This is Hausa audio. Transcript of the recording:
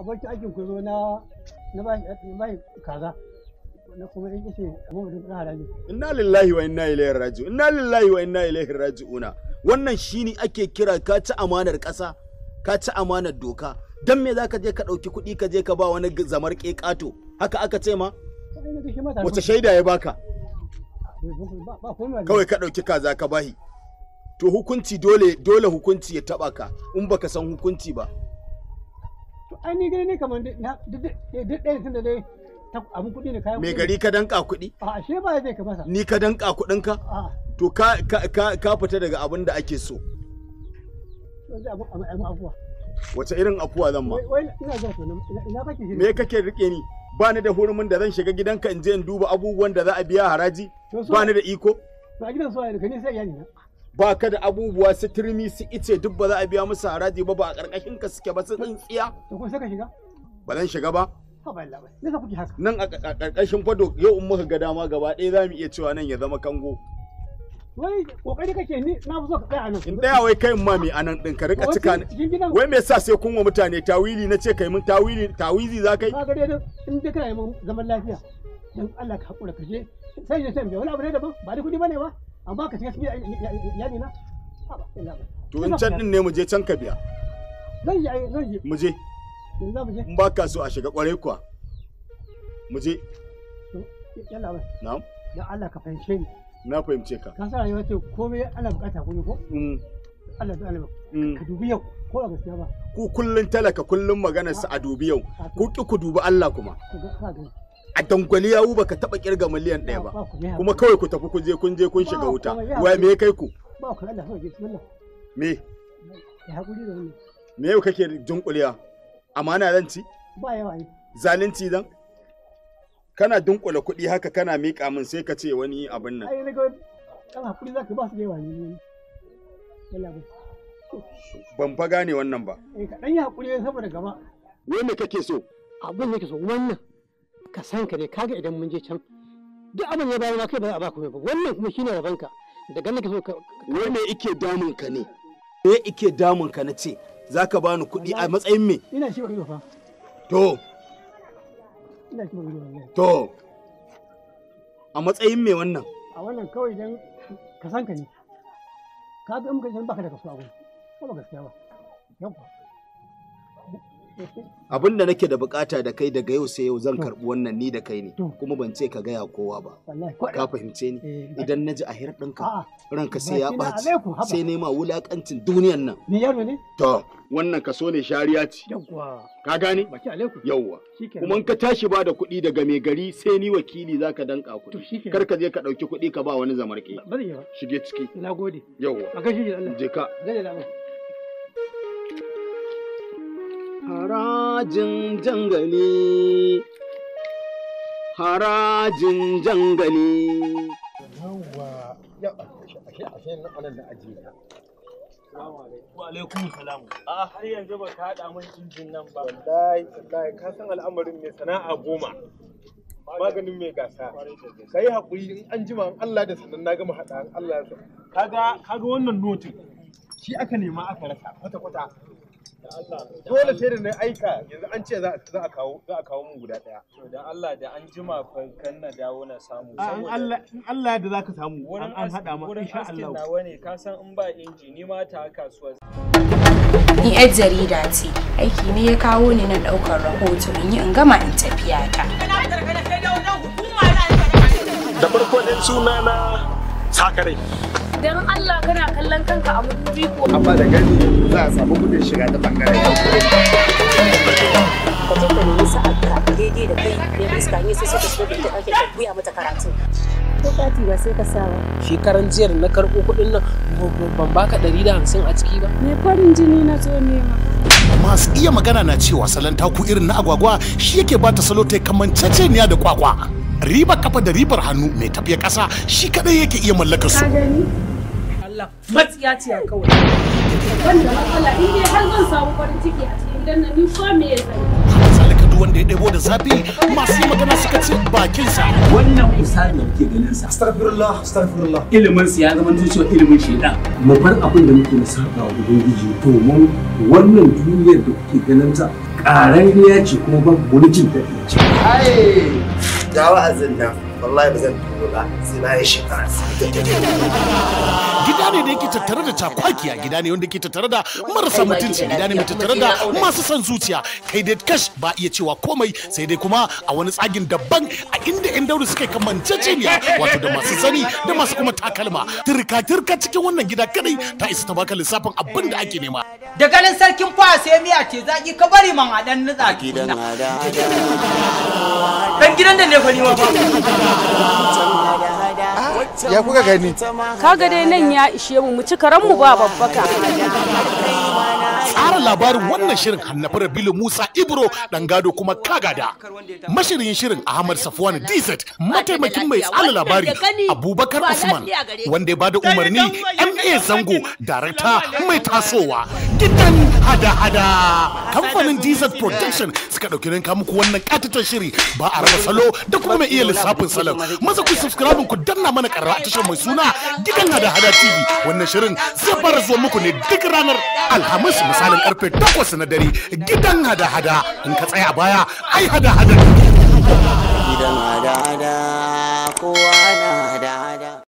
abokin aikin ku zo na na bayan kaza na kuma in ce abin da haraji inna lillahi wa inna ilaihi raji'un inna lillahi wa inna ilaihi raji'una wannan shine ake kira ka ci amanar ƙasa ka ci amanar doka dan me zaka je ka ɗauki kuɗi ka je ka ba wani zamar ƙeƙato haka aka ce ma wace shaida ya baka kawai ka ɗauki kaza ka bahi to hukunci dole dole hukunci ya taɓa ka in baka san hukunci ba ai ni gani ne kamar duk ɗaya tun da dai abin kuɗi ne kayan mai gari ka danka kuɗi? A ashe ba zai ka masa. Ni ka danka kuɗin ka? To ka ka ka fita daga abin da ake so. Wace irin afuwa zan ma? Me kake rike ni? Ba ni da hurumin da zan shiga gidanka in je in duba abubuwan da za a biya haraji? Ba ni da iko? Ba gidan suwaye da ka ne sai iyali na. ba ka da abubuwa su turmi su ice duk ba za a biya musu haraji ba ba a ƙarƙashin ka suke ba su tsintsiya. To ko sai ka shiga? Ba zan shiga ba. Nan a ƙarƙashin fado yau in muka ga dama gaba ɗaya za mu iya cewa nan ya zama kango. Wai kake ni na fi so ka tsaya In ɗaya wai kai ma mai anan ɗin ka rika cika Wai me yasa sai kun wa mutane tawili na ce kai mun tawili tawizi za kai. Ka ga dai in dai kana yi zaman lafiya. Dan Allah ka haƙura ka je. Sai ya wani abu ne daban ba da kuɗi ba. amma ka shiga cikin iyali na to in can din ne mu je can ka biya zan yi zan yi mu je in ba ka so a shiga kware kuwa mu je yalla bai na'am dan Allah ka fahimce ni na fahimce ka ka sa rayuwa ce komai ana bukata ko ne mm. ko Allah da Allah mm. ka dubi yau ko ba gaskiya ba ku kullun talaka kullun maganar sa a dubi yau ku ki ku dubi Allah kuma a ya yawu baka taba kirga miliyan ɗaya ba kuma kawai ku tafi kun je kun je kun shiga wuta wai me kai ku me me yau kake dunkuliya amana zan ci zalunci zan kana dunkula kuɗi haka kana miƙa min sai ka ce wani abin nan ban fa gane wannan ba eh kaɗan ya haƙuri saboda gaba wai me kake so abin da ke so wannan ka san ka ne kaga idan mun je can duk abin ya bayar ma kai ba a ba ku ba wannan kuma shine ka da ganin ka so ka wai me ike damun ka ne me ike damun ka na ce zaka bani kuɗi a matsayin me ina shi ba fa to ina shi ba to a matsayin me wannan a wannan kawai dan ka san ka ne ka ga in ka san baka da kasuwa a ba gaskiya ba yau abin da nake da bukata da kai daga yau sai yau zan karbi wannan ni da kai ne kuma ban ce ka gaya kowa ba ka fahimce ni eh, idan na ji a hirar ɗinka ranka sai ya ɓaci sai nema wulakancin duniyan nan ni to wannan kaso ne shariya ce ka gane yawwa kuma ka tashi ba da kuɗi daga mai gari sai ni wakili za ka danka kuɗi kar ka je ka ɗauki kuɗi ka ba wani zamarke shige ciki yawwa je ka harajin jangali harajin jangali yawwa ya ashe ashe wa alaikum salam a har yanzu ba ka haɗa min injin nan ba wallahi wallahi ka san al'amarin mai sana'a goma maganin mai gasa kai hakuri in an jima in Allah da sanan na gama haɗa an Allah ya so kaga kaga wannan notin shi aka nema aka rasa kwata kwata dole sai da na aika yanzu an ce za a kawo za a kawo mun guda daya to dan Allah da an jima kan na dawo na samu saboda ah, Allah in Allah da zaka samu wurin an hada ma insha Allah nawa ne ka san in ba inji ni ma ta kasuwa ni yar jarida ce aiki ne ya kawo ni na daukar rahoto in yi in gama in tafiya ta da farko suna na sakarai Dan Allah kana kallon kanka a mutubi ko. Amma da gani za a samu kudin shiga ta bangare. Ka zo ka nemi sa'adka daidai da kai ne fuska ne sai suka shiga da kake buya mata karatu. Ko kati ba sai ka sa ba. Shekaran jiyar na karɓo kuɗin nan ban baka ɗari da hamsin a ciki ba. Me farin jini na zo ma. Masu iya magana na cewa salon taku irin na agwagwa shi yake bata salo ta yi kamanceceniya da kwakwa. riba kafa da ribar hannu mai tafiya ƙasa shi kaɗai yake iya mallakar su. Allah matsiya ce kawai wanda matsala in dai har zan samu farin ciki a cikin gidan nan ni ko me ya zai wanda ya ɗebo da zafi masu yi magana suka ce bakinsa. Wannan misali da muke ganin sa. Astagfirullah, astagfirullah. Ilimin sa ya zama cewa ilimin shaidan. Mu bar abin da muke saba wa Ubangiji domin wannan duniyar da kuke ganin ta ƙarariya ce kuma babu wani jin daɗi ce. Ai, ga wa'azin nan. wallahi ba zan tuno ba sai na yi shekara gida ne da yake tattare da takwakiya, gida ne wanda ke tattare da marasa mutunci gida ne mai tattare da masu son zuciya kai dai kash ba iya cewa komai sai dai kuma a wani tsagin daban a inda yan dauri suka ne wato da masu sani da masu kuma takalma turka turka cikin wannan gida kadai ta isa ta baka lissafin abin da ake nema da ganin sarkin kwa sai miya ce zaki ka bari man dan nutsa gidan dan gidan da ne fa ni ya kuka gani kaga dai nan ya ishe mu mu ci karan mu ba babbaka tsara labarin wannan shirin hannafi rabilu musa ibro dan gado kuma kagada mashirin shirin ahmad safwan DZ, mataimakin mai tsara labari abubakar usman wanda ya bada umarni ma zango darakta mai tasowa gidan hada-hada kamfanin jesus protection suka ɗauki ranka muku wannan katatar shiri ba a raba salo da kuma mai iya lissafin salon maza ku subscribe ku danna mana karra a tashar mai suna gidan hada-hada tv wannan shirin zai fara zuwa muku ne duk ranar alhamis misalin karfe takwas na dare gidan hada-hada in ka tsaya baya ai hada-hada gidan hada-hada kowa na hada